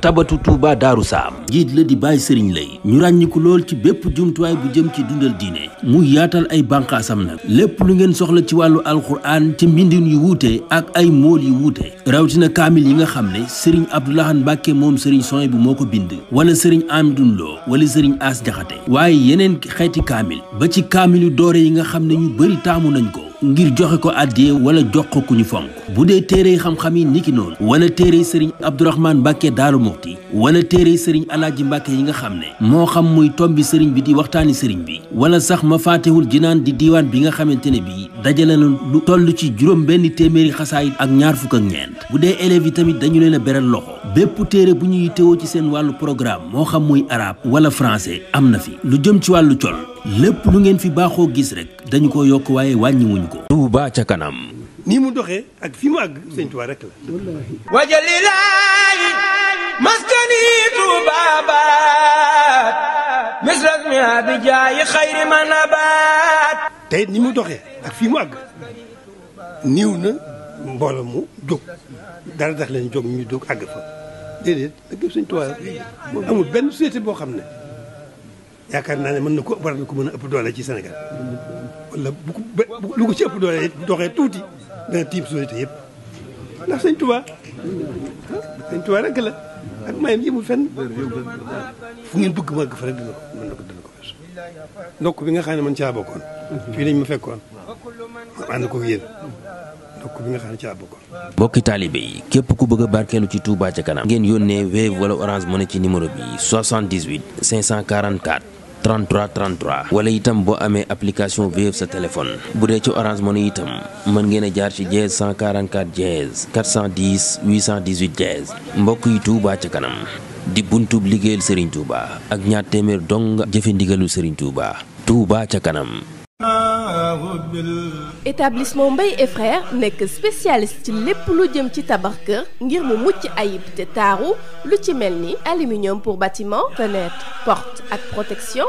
tabatu tuuba daaru saam njiit la di bàyyi sëriñ lay ñu ràññiku lool ci bépp jumtuwaay bu jëm ci dundal diine mu yaatal ay bànqaasam nag lépp lu ngeen soxla ci wàllu alxuraan ci mbindin yu wuute ak ay mool yu wuute rawtina kaamil yi nga xam ne sëriñ abdoulahan mbàkke moom sëriñ soy bu moo ko bind wala sëriñ amdun loo wala sëriñ as jaxate waaye yeneen xeeti kaamil ba ci kaamil yu doore yi nga xam ne ñu bëri taamu nañ ko ngir joxe ko àddee wala jox ko ku ñu fonk bu dee téere xam-xam yi niki noonu wala téere sëriñ Abdourahmane Mbacke Daaru Muxti wala téere sëriñ ji Mbacke yi nga xam ne moo xam muy tombi sëriñ bi di waxtaani sëriñ bi wala sax ma faatewul jinaan di diiwaan bi nga xamante ne bii dajale na lu toll ci juróom benn téeméeri xasaayit ak ñaar fukk ak ñeent bu dee élèves yi tamit dañu leen a beral loxo bépp téere bu ñu ñuy teewoo ci seen wàllu programme moo xam muy arab wala français am na fi lu jëm ci wàllu col lépp lu ngeen fi baaxoo gis rek dañu ko yokk waaye wàññiwuñu ko. Touba ca kanam. ni mu doxee ak fi mu àgg sëñ Touba rek la. wajalilaayi maskani Touba baat misras mi abijaayi xayri man tey ni mu doxee ak fi mu àgg niiw na mbooloo mu jóg dara tax leen jóg ñu jóg àgg fa déedéet dëgg sëñ Touba amul benn société boo xam ne. yaakaar naa ne mën na ko war na ko mën ëpp doole ci Sénégal wala bu ko ci ëpp doole doxee tuuti dana tiim société yëpp ndax sëñ Tuubaa sëñ Tuubaa rek la ak mayam yëmul fenn fu ngeen bëgg ma ko mën na ko dina ko fees bi nga xam ne man caa bokkoon fii lañ ma fekkoon a ànd ko yéen ndokk bi nga xam ne caa bokkoon mbokki taalibe yi képp ku bëgg a barkeelu ci Touba ca kanam ngeen yónnee Wave wala Orange Money ci numéro bi 78 544 33 33 wala itam boo amee application Wave sa téléphone bu dee ci Orange Money itam mën ngeen a jaar ci dièse 144 dièse 410 818 dièse mbokk yi Touba ca kanam di buntub liggéeyal Serigne Touba ak ñaar téeméer dong jëfe ndigalu Serigne Touba Touba ca kanam. établissement Mbaye et frères nekk spécialiste ci lépp lu jëm ci tabax kër ngir mu mucc ayib te taaru lu ci mel ni aluminium pour bâtiment fenêtre porte ak protection.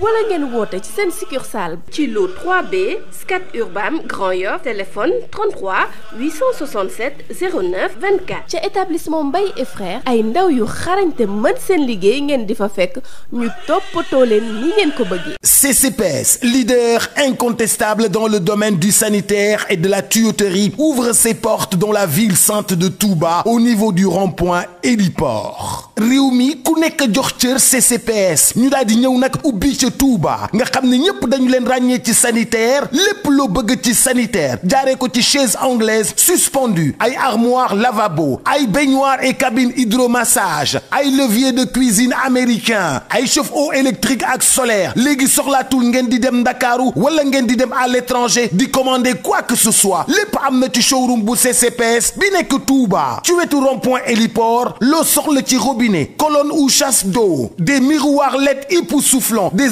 wala ngeen woote ci seen succursale ci lu 3B Scat Urbam Grand Yoff téléphone 33 867 09 24 ca établissement Mbaye et frères ay ndaw yu xarañte mën seen liggéey ngeen di fa fekk ñu toppatoo leen ni ngeen ko bëggee CCPS leader incontestable dans le domaine du sanitaire et de la tuyauterie ouvre ses portes dans la ville sainte de Touba au niveau du rond-point Héliport réew mi ku nekk jox CCPS ñu daal di ñëw nag ubbi ca Touba nga xam ne ñëpp dañu leen ràññee ci sanitaire lépp loo bëgg ci sanitaire jaaree ko ci chaise anglaise suspendue ay armoire lavabo ay baignoire et cabine hydromassage ay levier de cuisine américain ay chauffe-eau électrique ak solaire léegi soxlaatul ngeen di dem Ndakaaru wala ngeen di dem à l'étranger di commander quoi que ce soit lépp am na ci showroom bu CCPS bi nekk Touba ci wetu rond-point héliport loo soxla ci robinet colonne ou chasse d'eau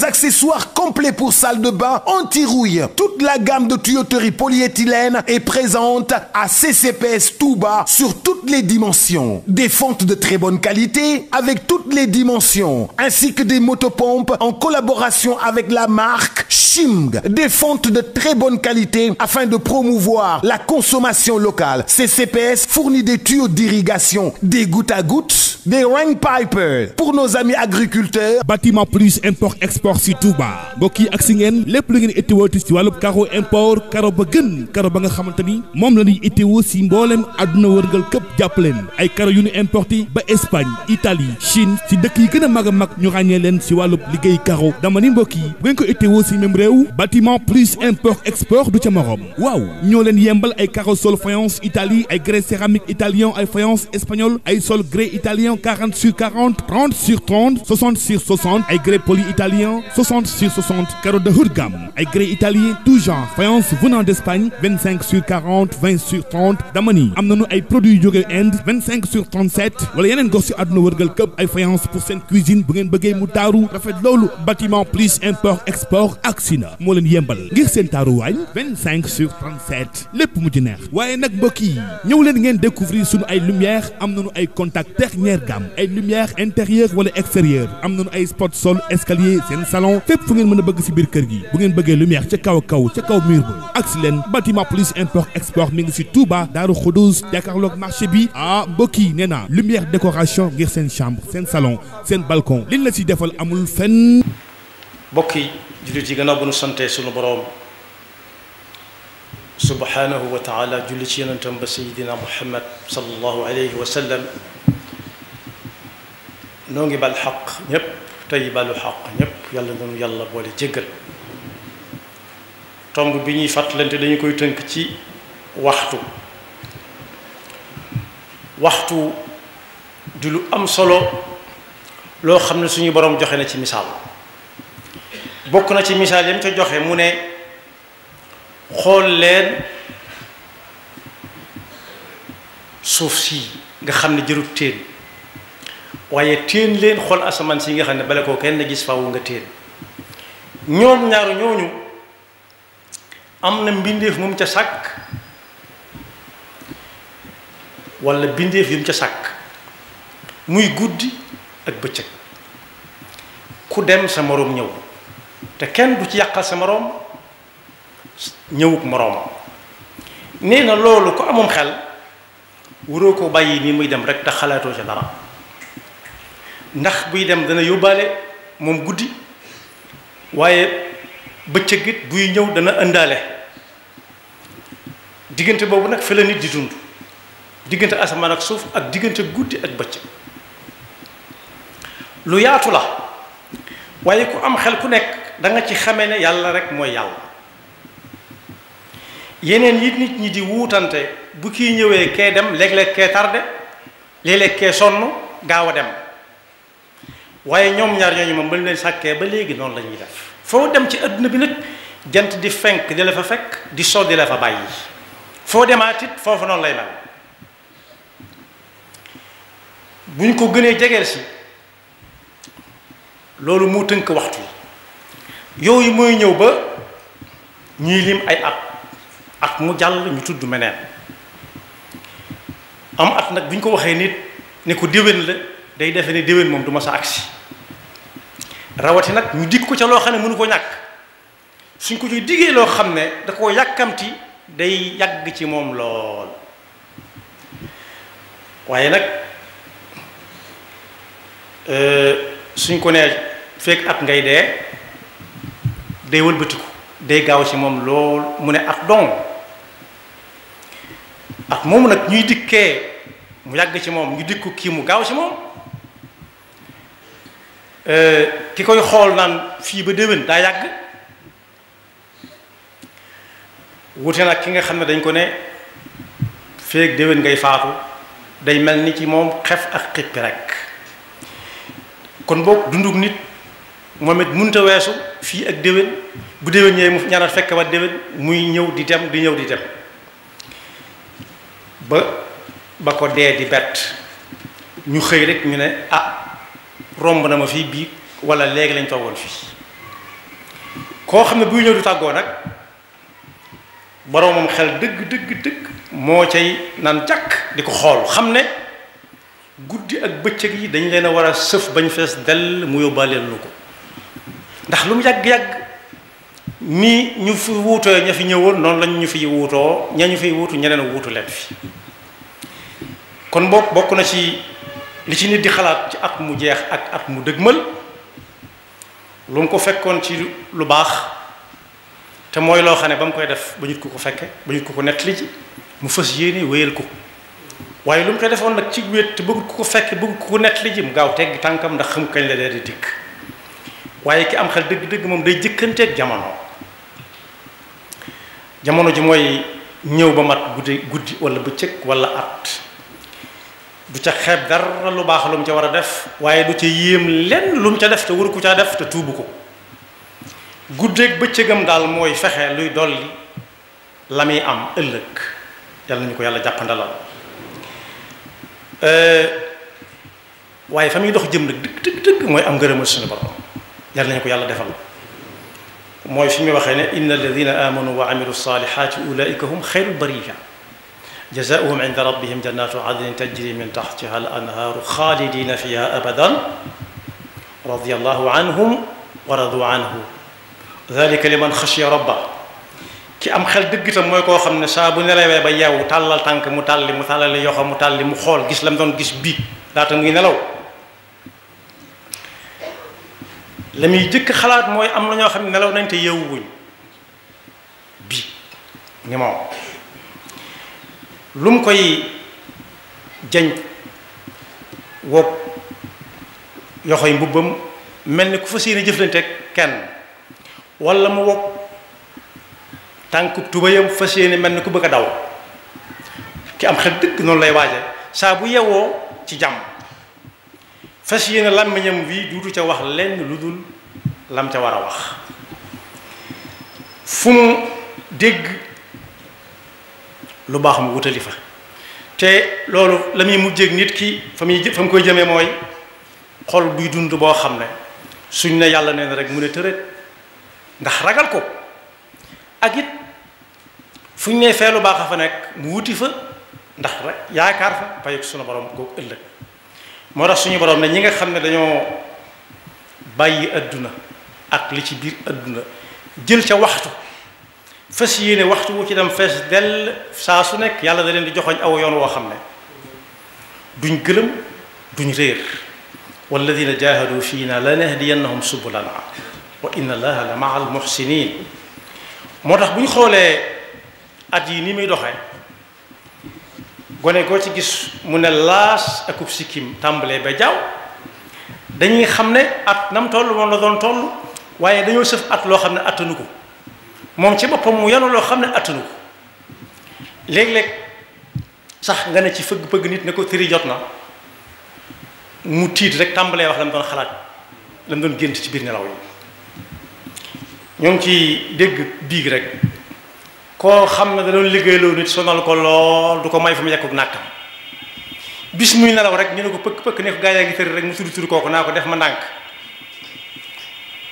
accessoires complets pour salle de bain anti-rouille. Toute la gamme de tuyauterie polyéthylène est présente à CCPS Touba sur toutes les dimensions. Des fontes de très bonne qualité avec toutes les dimensions, ainsi que des motopompes en collaboration avec la marque Shimg. Des fontes de très bonne qualité afin de promouvoir la consommation locale. CCPS fournit des tuyaux d'irrigation, des gouttes à gouttes, des rain pipers pour nos amis agriculteurs. Bâtiment plus sport si Touba mbokk yi ak si ngeen lépp lu ngeen itteewooti si wàllub caro import caro ba gën caro ba nga xamante ni moom la ñuy itteewoo si mbooleem àdduna wërngal këpp jàppaleen ay caro yu ñu importé ba Espagne Italie Chine si dëkk yi gën a mag a mag ñu ràññee leen si wàllub liggéey caro dama ni mbokk bu ngeen ko itteewoo si même réew bâtiment plus import export du ca morom waaw ñoo leen yembal ay caro sol faïence Italie ay grès céramique italien ay faïence espagnol cent soixante sur soixante carreaux de haut ay grès italien tout genre venant d'Espagne vingt sur quarante sur damani am nañu ay produits yu Inde sur trente sept wala yeneen gos yu àdduna wërgal këpp ay faïence pour seen cuisine bu ngeen bëggee mu taaru rafet loolu bâtiment plus import export ak sina moo leen yembal ngir seen taaru waañ sur trente sept lépp mu ci waaye nag mbokk yi ñëw leen ngeen découvrir suñu ay lumière am nañu ay contact dernière gamme ay lumière salon fépp fu ngeen mën a bëgg si biir kër gi bu ngeen bëggee lumière ca kaw kaw ca kaw mur ba ak si leen bâtiment plus import export mi ngi si Touba Daaru Xuduus jàkkaarloog marché bi ah mbokk yi nee naa lumière décoration ngir seen chambre seen salon seen balkon li la si defal amul fenn mbokk yi jullit yi gannaaw bu nu santee sunu boroom subhanahu wa taala julli ci yonentam ba sayidina muhammad sallallahu alayhi wa sallam noo ngi bal xaq ñépp tey balu xaq ñépp yàlla nañu yàlla boole jéggal tomb bi ñuy fàttalante dañu koy tënk ci waxtu waxtu di lu am solo loo xam ne suñu boroom joxe na ci misaal bokk na ci misaal yam ca joxe mu ne xool leen suuf si nga xam ne jërut teen waaye téen leen xool asamaan si nga xam ne bala koo kenn gis faaw nga téen ñoom ñaaru ñooñu am na mbindeef mu mu ca sàkk walla mbindeef yu mu ca sàkk muy guddi ak bëccëg ku dem sa moroom ñëw te kenn du ci yàqal sa moroom ñëwuk moroom nee na loolu ko amum xel wuroo ko bàyyi nii muy dem rek te xalaatoo ca dara ndax buy dem dana yóbbaale moom guddi waaye bëccëg it buy ñëw dana ëndaale diggante boobu nag fi la nit di dund diggante asamaan ak suuf ak diggante guddi ak bëccëg lu yaatu la waaye ku am xel ku nekk danga ci xamee ne yàlla rek mooy yàlla yeneen yi nit ñi di wuutante bu kiy ñëwee kee dem léeg-léeg kee tardé léeg sonn gaaw a dem waaye ñoom ñaar ñooñu moom ba ñu leen sàkkee ba léegi noonu la ñuy def foo dem ci adduna bi nag jant di fenk di la fa fekk di so di la fa bàyyi foo demaat it foofu noonu lay mel bu ñu ko gënee jegeel si loolu moo tënk waxtu yi yooyu mooy ñëw ba ñuy lim ay at ak mu jàll ñu tudd meneen am at nag bu ñu ko waxee nit ne ko déwén la day defe ne déwén moom du ma sa agsi rawati nag ñu dig ko ca loo xam ne mënu koo ñàkk suñ ko ci diggee loo xam ne da koo yàkkamti day yàgg ci moom lool nag euh, suñ ko nee fekk at ngay dee day wëlbatiku day gaaw ci moom lool mu ne at dong at moom nag ñuy dikkee mu yàgg ci moom ñu dikku kii mu gaaw ci moom euh, ki koy xool naan fii ba déwén daa yàgg wute nag ki nga xam ne dañ ko ne feeg déwén ngay faatu day mel ni ci moom xef ak xippi rek kon boog dundug nit moom it munta weesu fii ak déwén bu déwén ñëwee mu ñaanal fekk ba déwén muy ñëw di dem di ñëw di dem ba ba ko dee di bett ñu xëy rek ñu ne ah romb na ma fii bii wala léegi lañ toogoon fii koo xam ne buy ñëw du tàggoo nag boroomam xel dëgg dëgg dëgg moo cay naan jàkk di ko xool xam ne guddi ak bëccëg yi dañ leen a war a sëf bañ fees dell mu yóbbaaleel lu ko ndax lu mu yàgg-yàgg nii ñu fi wuutoo ña fi ñëwoon noonu lañ ñu fi wuutoo ña ñu fi wuutu ñeneen wuutu leen fi kon bokk bokk na ci li ci nit di xalaat ci at mu jeex ak at mu dëgmal lu mu ko fekkoon ci lu baax te mooy loo xam ne ba mu koy def ba ñu ko ko fekke ba ñu ko ko li ji mu fës yéene wéyal ko waaye lu mu koy defoon nag ci wéet te bëggut ko ko fekke bëggut ko ko li ji mu gaaw teggi tànkam ndax xam kañ la dee di dikk waaye ki am xel dëgg-dëgg moom day jëkkanteeg jamono jamono ji mooy ñëw ba mat guddi guddi wala bëccëg walla at du ca xeeb dara lu baax lu mu ca war a def waaye du ca yéem lenn lu mu ca def te waru ko caa def te tuubu ko guddeeg bëccëgam daal mooy fexe luy dolli la muy am ëllëg yàlla ñu ko yàlla jàppandalal waaye fa muy dox jëm nag dëgg dëgg mooy am ngërëmal suñu borom yar nañu ko yàlla defal mooy fi muy waxee ne inna alladina amanu wa amilu salihati ulaika hum xayrul bariya jazaauhum inda rabbihim jannatu adnin tajri min taxtiha al anhaaru xaalidina fiha abadan radiyallahu anhum wa radu anhu dalika liman xashiya rabba ki am xel dëgg itam mooy koo xam ne saa bu nelawee ba yeewu tàllal tànk mu tàlli mu tàllali yoxo mu tàlli xool gis la doon gis bii laata muy nelaw la muy jëkk xalaat mooy am na ñoo xam ne nelaw nañ te yeewuwuñ bii lum koy jañ woog yoxoy mbubbam mel ni ku fas yéene jëflante kenn wala mu woog tànk tubayam fas yéene mel ni ku bëgg a daw ki am xel dëgg noonu lay waaje saa bu yewoo ci jàmm fas yéene làmmiñam wi duutu ca wax lenn lu dul lam ca war a wax fu mu dégg lu baax mu wutali fa te loolu la muy mujjeeg nit ki fa muy fa mu koy jëmee mooy xol buy dund boo xam ne suñ ne yàlla nee na rek mu ne tëreet ndax ragal ko ak it fu ñu nee fee lu baax a fa nekk mu wuti fa ndax rek yaakaar fa payuk suñu borom googu ëllëg moo tax suñu borom ne ñi nga xam ne dañoo bàyyi adduna ak li ci biir adduna jël ca waxtu fas yéene waxtu wu ci dem fees dell saa su nekk yàlla da leen di joxoñ aw yoon woo xam ne duñ gëlëm duñ réer walladina jahadu fiina lanahdiyannahum subulana wa inna allaha la maa al muhsinin moo tax bu ñu xoolee at yi ni muy doxee gone goo ci gis mu ne laas akub sikkim tàmbalee ba jaaw dañuy xam ne at nam toll moom la doon toll waaye dañoo sëf at loo xam ne attanu ko moom ci boppam mu yanu loo xam ne attanu ko léeg-léeg sax nga ne ci fëgg-fëgg nit ne ko tëri jot na mu tiit rek tàmbalee wax la mu doon xalaat la mu doon gént ci biir nelaw yi ñoo ngi ci dégg biig rek koo xam ne da liggéey liggéeyloo nit sonal ko lool du ko may fi mu yekkuk nàkkam bis muy nelaw rek ñu ne ko pëkk pëkk ne ko gaa yaa ngi tëri rek mu tudd tudd kooku naa ko def ma nànk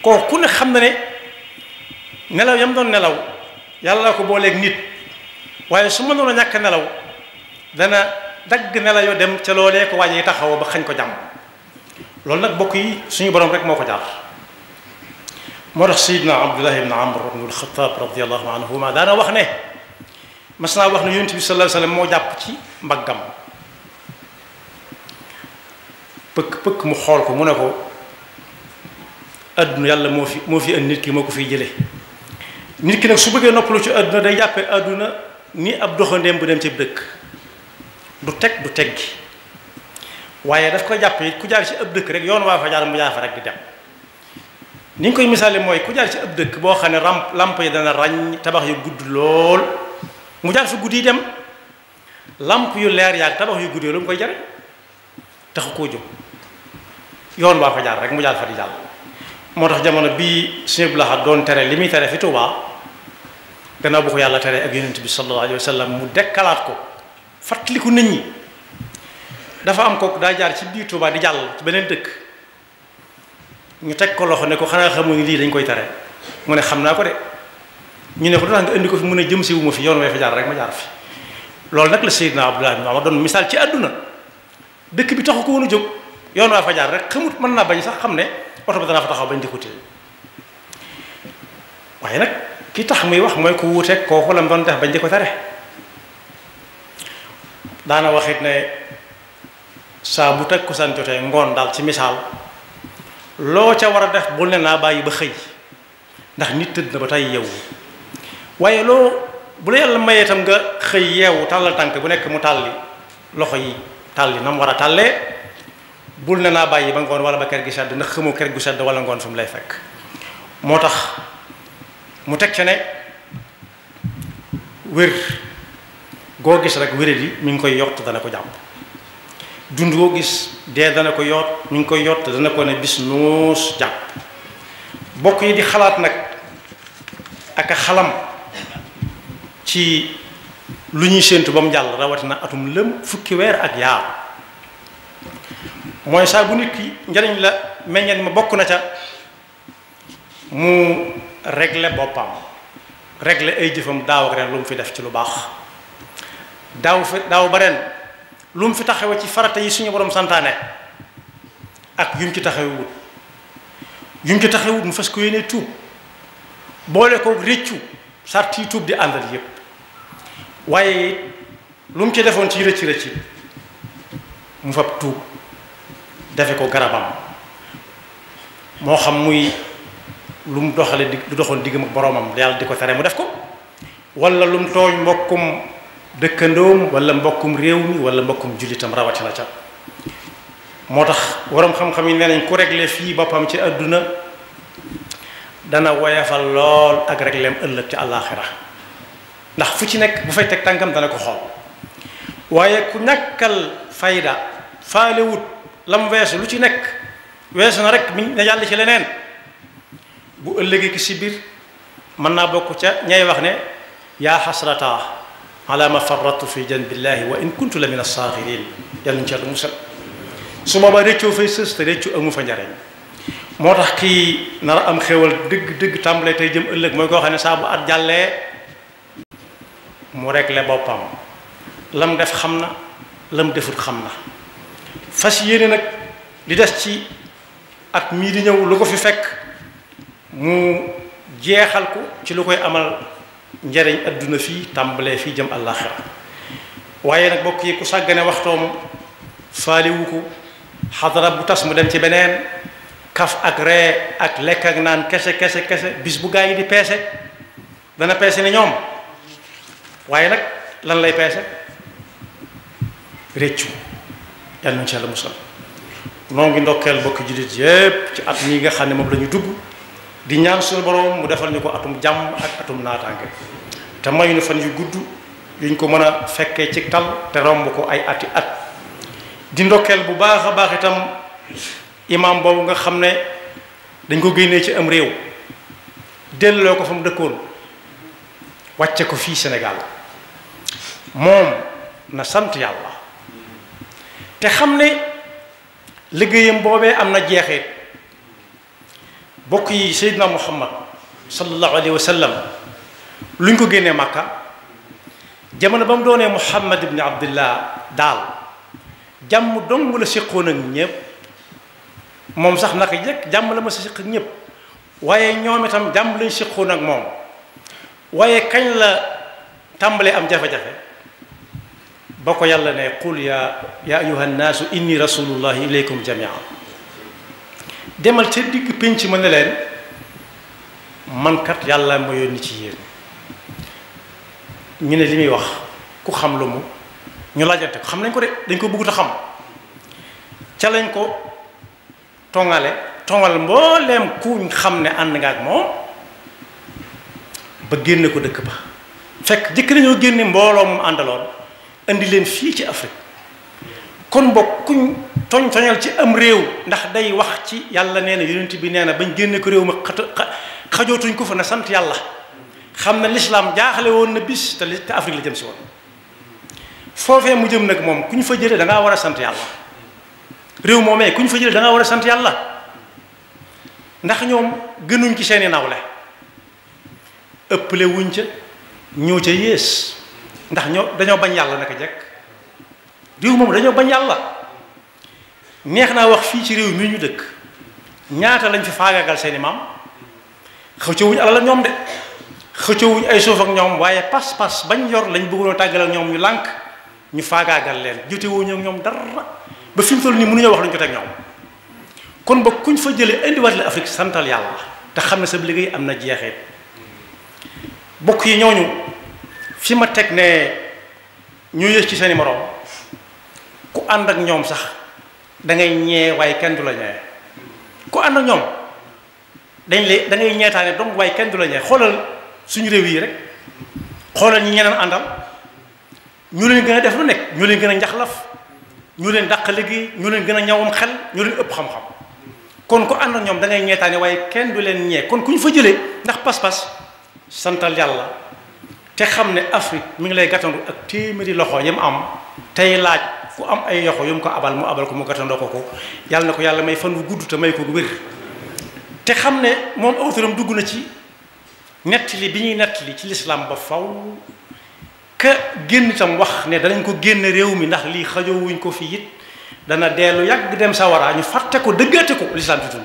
koo ku ne xam na ne nelaw yam doon nelaw yàlla ko booleeg nit waaye su mënoon a ñàkk nelaw dana dagg nelaw yo dem ca loolee ko yi taxaw ba xañ ko jàmm loolu nag bokk yi suñu borom rek moo ko jaar moo tax sayidna abdullah ibn amr ibn alxataab radiallahu anhuma daana wax ne mas naa wax ne yonent bi sallallahu moo jàpp ci mbaggam pëkk pëkk mu xool ko mu ne ko adduna yàlla moo fi moo fi indi nit ki moo ko fi jële nit ki nag su bëggee noppalu ci àdduna day jàppee àdduna ni ab doxandeem bu dem ci dëkk du teg du teggi waaye daf ko jàppee ku jaar ci ab dëkk rek yoon waa fa jaar mu jaar fa rek di dem ni koy misaale mooy ku jaar ci ab dëkk boo xam ne ramp lamp yi dana ràññ tabax yu gudd lool mu jaar fa guddi dem lamp yu leer yaag tabax yu gudd lu mu koy jare taxu koo jóg yoon waa fa rek mu jaar fa di jàll moo tax jamono bii Sëñ Abdul Ahad doon tere li muy tere fi Tuubaa gannaaw bu ko yàlla tere ak yonent bi sallallahu alayhi wa sallam mu dekkalaat ko fàttaliku nit dafa am ko daa jaar ci biir Tuubaa di jàll ci beneen dëkk ñu teg ko loxo ne ko xanaa xamuñu lii dañ koy tere mu ne xam naa ko de ñu ne ko dina nga indi ko fi mu ne jëm si wu fi yoon wee fa jaar rek ma jaar fi loolu nag la Seydina Abdullah ibn a doon misaal ci àdduna dëkk bi taxu ko woon a yoon waa fajaar rek xamut mën naa bañ sax xam ne oto bi danaa fa taxaw bañ di xutil waaye nag ki tax muy wax mooy ku wuuteeg kooku lam doon def bañ di ko tere daana waxit ne saa bu teg ku san jotee ngoon daal ci misaal loo ca war a def bul ne naa bàyyi ba xëy ndax nit tëdd na ba tey yeewu waaye loo bu la yàlla mayee itam nga xëy yeewu tàllal tànk bu nekk mu tàlli loxo yi tàlli na mu war a tàllee bul ne naa bàyyi ba ngoon wala ba ker gi sedd ndax xamoo ker gu sedd wala ngoon fu mu lay fekk moo tax mu teg ca ne wér goo gis rek wéré yi mi ngi koy yott dana ko jàpp dund gis dee dana ko yott mi ngi koy yott dana ko ne bis nuus jàpp bokk yi di xalaat nag ak xalam ci lu ñuy séentu ba mu jàll rawatina atum lëm fukki weer ak yaaw mooy saa bu nit ki njariñ la meññeen ma bokk na ca mu regle boppam regle ay jëfam daaw ak ren lu mu fi def ci lu baax daaw fi daaw ba ren lu mu fi taxawe ci farata yi suñu borom santaane ak yu mu ci taxawewut yu mu ci taxawewut fas ko yéene tuub boole ko réccu sart yi tuub di àndal yépp waaye lu mu ci defoon ci rëcci rëcci mu fab tuub defe ko garabam moo xam muy lu mu doxale di lu doxoon diggam ak boroomam yàlla di ko tere mu def ko walla lu mu tooñ mbokkum dëkkandoom wala mbokkum réew mi wala mbokkum jullitam rawatina ca moo tax waroom xam-xam yi nee nañ ku regle fii boppam ci àdduna dana woyafal lool ak régleem ëllëg ci àllaaxira ndax fu ci nekk bu fay teg tànkam dana ko xool waaye ku ñàkkal fayda faalewut la mu weesu lu ci nekk weesu na rek mi na jàll ci leneen bu ëllëgee ki si biir mën naa bokk ca ñay wax ne yaa xasrataa ala ma farratu fi janbillahi wa in kuntu la min asaaxirin yàlla ñu ci yàlla musal su boobaa réccoo fay sës te réccoo amu fa njariñ moo tax kii na a am xewal dëgg dëgg tàmbalee tey jëm ëllëg mooy koo xam ne saabu bu at jàllee mu réglé boppam lam def xam na lam defut xam na fas yéene nag li des ci at mii di ñëw lu ko fi fekk mu jeexal ko ci lu koy amal njariñ adduna fii tàmbalee fii jëm àllaaxira waaye nag bokk yi ku sàggane waxtoom faaliwu ko xadara bu tas mu dem ci beneen kaf ak ree ak lekk ak naan kese kese kese bis bu gaa yi di peese dana peese ni ñoom waaye nag lan lay peese réccu yàlla nañ ci yàlla musal noo ngi ndokkeel bokki ci at mii nga xam ne moom la ñu di ñaan suñu borom mu defal ko atum jàmm ak atum te mayuñu fan yu gudd yuñ ko mën a fekkee ci te romb ko ay ati at di ndokkeel bu baax a baax itam imam boobu nga xam ne dañ ko génnee ci am réew delloo ko fa mu dëkkoon wàcce ko fii Sénégal moom na sant yàlla te xam ne liggéeyam boobee am na jeexeet bokk yi seydina muhammad sallallahu alayhi wa sallam lu ñu ko génnee màkka jamono ba mu doonee muhammad ibni abdillah daal jàmm dong la séqoon ak ñëpp moom sax naka jëkk jàmm la ma sa séq ak waaye ñoom itam jàmm lañ séqoon ak moom waaye kañ la tàmbalee am jafe-jafe ba ko yàlla ne qul ya ya ayuha nnaasu inni rasulullahi ilaykum jamia demal ca digg pénc ma ne leen mankat yàlla ma yónni ci yéen ñu ne li muy wax ku xam lu mu ñu laajante ko xam nañ ko de dañ ko bëggut a xam ca lañ ko tongale tongal mbooleem kuñ xam ne ànd nga ak moom ba génne ko dëkk ba fekk jëkk ñoo génne mbooloo mu àndaloon indi leen fii ci Afrique kon mbokk kuñ toñ toñal ci am réew ndax day wax ci yàlla nee na yonent bi nee na bañ génnee ko réew ma xajootuñ ko fa na sant yàlla xam na lislaam jaaxale woon na bis te te Afrique la jëm si woon foofee mu jëm nag moom ku ñu fa jëlee da war a sant yàlla réew moomee ku ñu fa jëlee da war a sant yàlla ndax ñoom gënuñ ci seeni nawle ëpple wuñ ca ñoo ca yées ndax ñoo dañoo bañ yàlla naka jekk diw moom dañoo bañ yàlla neex naa wax fii ci réew mi ñu dëkk ñaata lañ fi faagaagal seeni maam xëccewuñ alal ak ñoom de xëccewuñ ay suuf ak ñoom waaye pas-pas bañ yor lañ bëggoon a ñoom ñu lànk ñu faagaagal leen jotewuñu ak ñoom dara ba fi mu toll nii mënuñoo wax lañ ko teg ñoom kon ba kuñ fa jëlee indiwaat la Afrique santal yàlla te xam ne sa liggéey am na jeexee bokk yi ñooñu. fi ma teg ne ñu yës ci seeni moroom ku ànd ak ñoom sax dangay ngay ñee waaye kenn du la ñee ku ànd ak ñoom dañ lay da ngay ñeetaane donc waaye kenn du la ñee xoolal suñu réew yii rek xoolal ñi ñeneen àndal ñu leen gën a def lu nekk ñu leen gën a njaxlaf ñu leen daq liggéey ñu leen gën a ñawam xel ñu leen ëpp xam-xam kon ku ànd ak ñoom dangay ngay ñeetaane waaye kenn du leen ñee kon ku ñu fa jëlee ndax pas-pas santal yàlla te xam ne Afrique mu ngi lay gàttandu ak téeméeri loxo yam am tey laaj ku am ay yoxo yu ko abal mu abal ko mu gàttandoo ko ko yàlla na ko yàlla may fan wu gudd te may ko wér te xam ne moom awturam dugg na ci li bi ñuy nettali ci lislaam ba faw ka génn itam wax ne danañ ko génn réew mi ndax lii xajowuñ ko fii it dana dellu yàgg dem sawaraa ñu fàtte ko dëggaate ko lislaam ci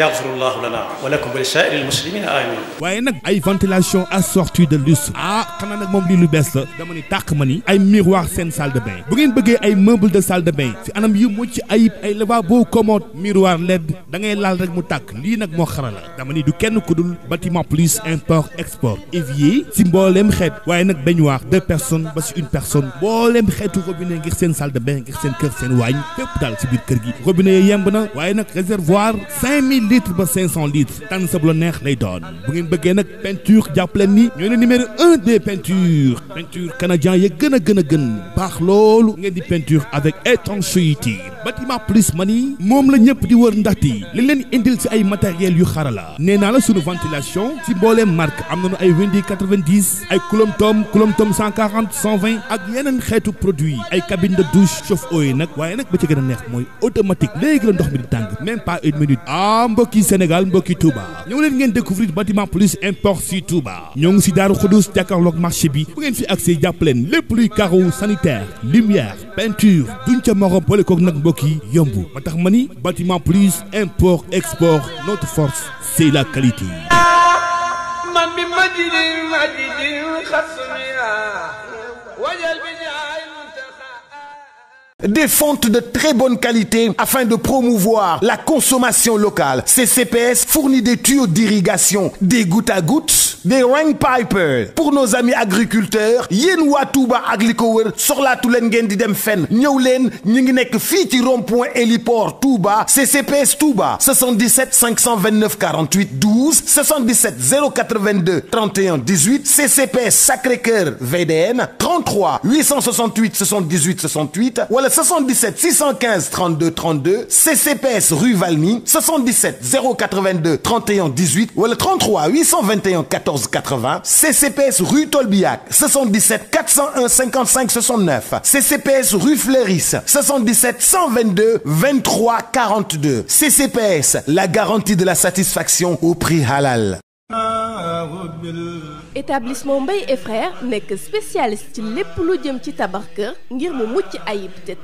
yaxfirullahu lana wa lakum wa li saa'iril muslimina amin waaye nag ay ventilation assortie de lustre ah xanaa nag moom lii lu bees la dama ni tàq ma ni ay miroir seen salle de bu ngeen bëggee ay meuble de salle de bain si anam yu mucc ayib ay lavabo commode miroir led da ngay laal rek mu tàkk lii nag moo xarala dama ni du kenn ku dul bâtiment plus import export évier si mbooleem xeet waaye nag baignoire de personne ba si une personne mbooleem xeetu robinet ngir seen salle de bain ngir seen kër seen waañ fépp daal si biir kër gi litres ba 500 litres tànn sa la neex lay doon bu ngeen bëggee nag peinture jàpp leen ni ñooy le numéro un des peintures peinture canadien ya gën a gën a gën baax loolu ngeen di peinture avec étanchéité bâtiment plus mani moom la ñëpp di wër ndaxte li leen indil si ay matériel yu xarala nee naa la sunu ventilation si mbooleem marque am nañu ay windi 90 ay kulom tom kulom tom 140 120 ak yeneen xeetu produit ay cabine douche chauffe-eau nag waaye nag ba ci gën a neex mooy automatique léegi la ndox mi di tàng même pas une minute ah mbokki Sénégal mbokki Touba ñëw leen ngeen découvrir bâtiment plus import si Touba ñoo ngi si Daaru Xudus jàkkaarloog marché mbokk yi yomb ma tax ma bâtiment plus import notre force c'est la qualité. Des fontes de très bonne qualité afin de promouvoir la consommation locale. CCPS fournit des tuyaux d'irrigation, des gouttes à gouttes des Range Piper pour nos amis agriculteurs yéen waa Touba ak li ko wër soxlaatu leen ngeen di dem fenn ñëw leen ñu ngi nekk fii ci rond point héliport Touba CCPS Touba 77 529 48 12 77 082 31 18 CCPS Sacré-Cœur VDN 33 868 78 68 wala 77 615 32 32 CCPS rue Valmy 77 082 31 18 wala 14 80 CCPS rue Tolbiac 77 401 55 69 CCPS rue Fleuris 77 122 23 42 CCPS la garantie de la satisfaction au prix halal. établissement Mbaye et frères nekk spécialiste ci lépp lu jëm ci tabax ngir mu mucc ayib te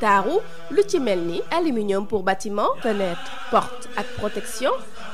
lu ci mel ni aluminium pour bâtiment fenêtre porte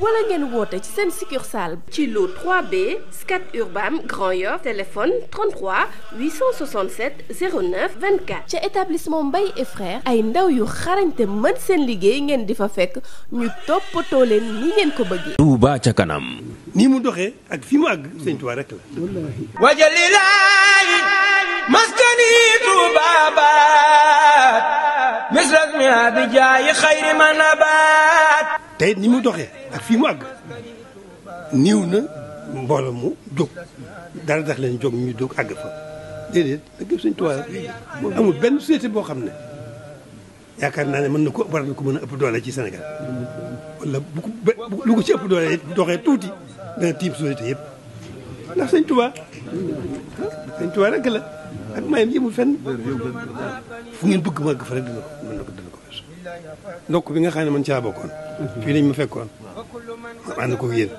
wala ngeen woote ci seen succursale ci lu 3B Scat Urbam Grand Yoff téléphone 33 867 09 24 ca établissement Mbaye et ay ndaw yu xarañte mën seen liggéey ngeen di fa fekk ñu toppatoo leen ni ngeen ko bëggee Touba ca kanam ni mu doxee ak fi mu àgg Sëñ Touba rek la wajalilaayi maskani Touba baat misrasmia bi jaayi xayri ma nabaat tey ni mu doxee ak fii mu àgg niiw na mbooloo mu jóg dara tax leen jóg ñu jóg àgg fa déedéet da gëm suñ tubaab amul benn société boo xam ne yaakaar naa ne mën na ko war na ko mën a ëpp doole ci Sénégal wala bu ko lu ko ci ëpp doole doxee tuuti dana tiim société yëpp ndax suñ tubaab suñ tubaab rek la ak mayam yëmul fu ngeen bëgg ma fa rek dina ko mën na ko fees ndokk bi nga xam ne man caa bokkoon fii lañ ma fekkoon ma ànd ko yéen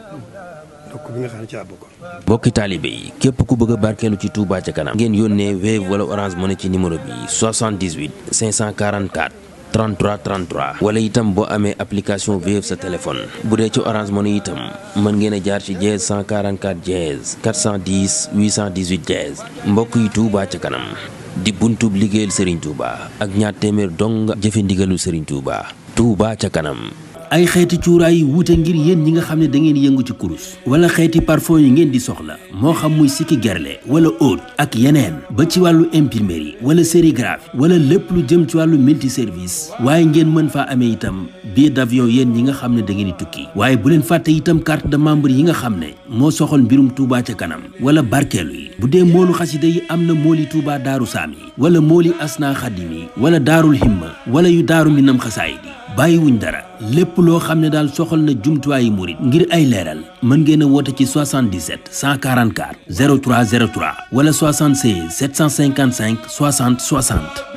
ndokk bi nga xam ne caa bokkoon mbokki taalibe yi képp ku bëgg a barkeelu ci Touba ca kanam ngeen yónnee Wave wala Orange ne ci numéro bi 78 544 33 33 wala itam boo amee application Wave sa téléphone bu dee ci Orange Money itam mën ngeen a jaar ci dièse 144 dièse 410 818 dièse mbokk yi Touba ca kanam di buntub liggéeyal Serigne Touba ak ñaar téeméer dong jëfe ndigalu Serigne Touba Touba ca kanam ay xeeti cuuraay yi wute ngir yéen ñi nga xam ne da ngeen yëngu ci kurus wala xeeti parfum yi ngeen di soxla moo xam muy sikki gerle wala oud ak yeneen ba ci wàllu yi wala sérigraphie wala lépp lu jëm ci wàllu multi service waaye ngeen mën faa amee itam billet d'avion yéen ñi nga xam ne da ngeen di tukki waaye bu leen fàtte itam carte de membre yi nga xam ne moo soxal mbirum Touba ca kanam wala barkeelu yi bu dee moolu xasida yi am na mooli Touba Daaru Saam yi wala mooli Asna Xadim yi wala Daarul Himma wala yu Daaru Minam xasaayid yi bàyyiwuñ dara lépp loo xam ne daal soxal na jumtuwaayu murit ngir ay leeral mën ngeen a woote ci 77 144 03 03 wala 76 755 60 60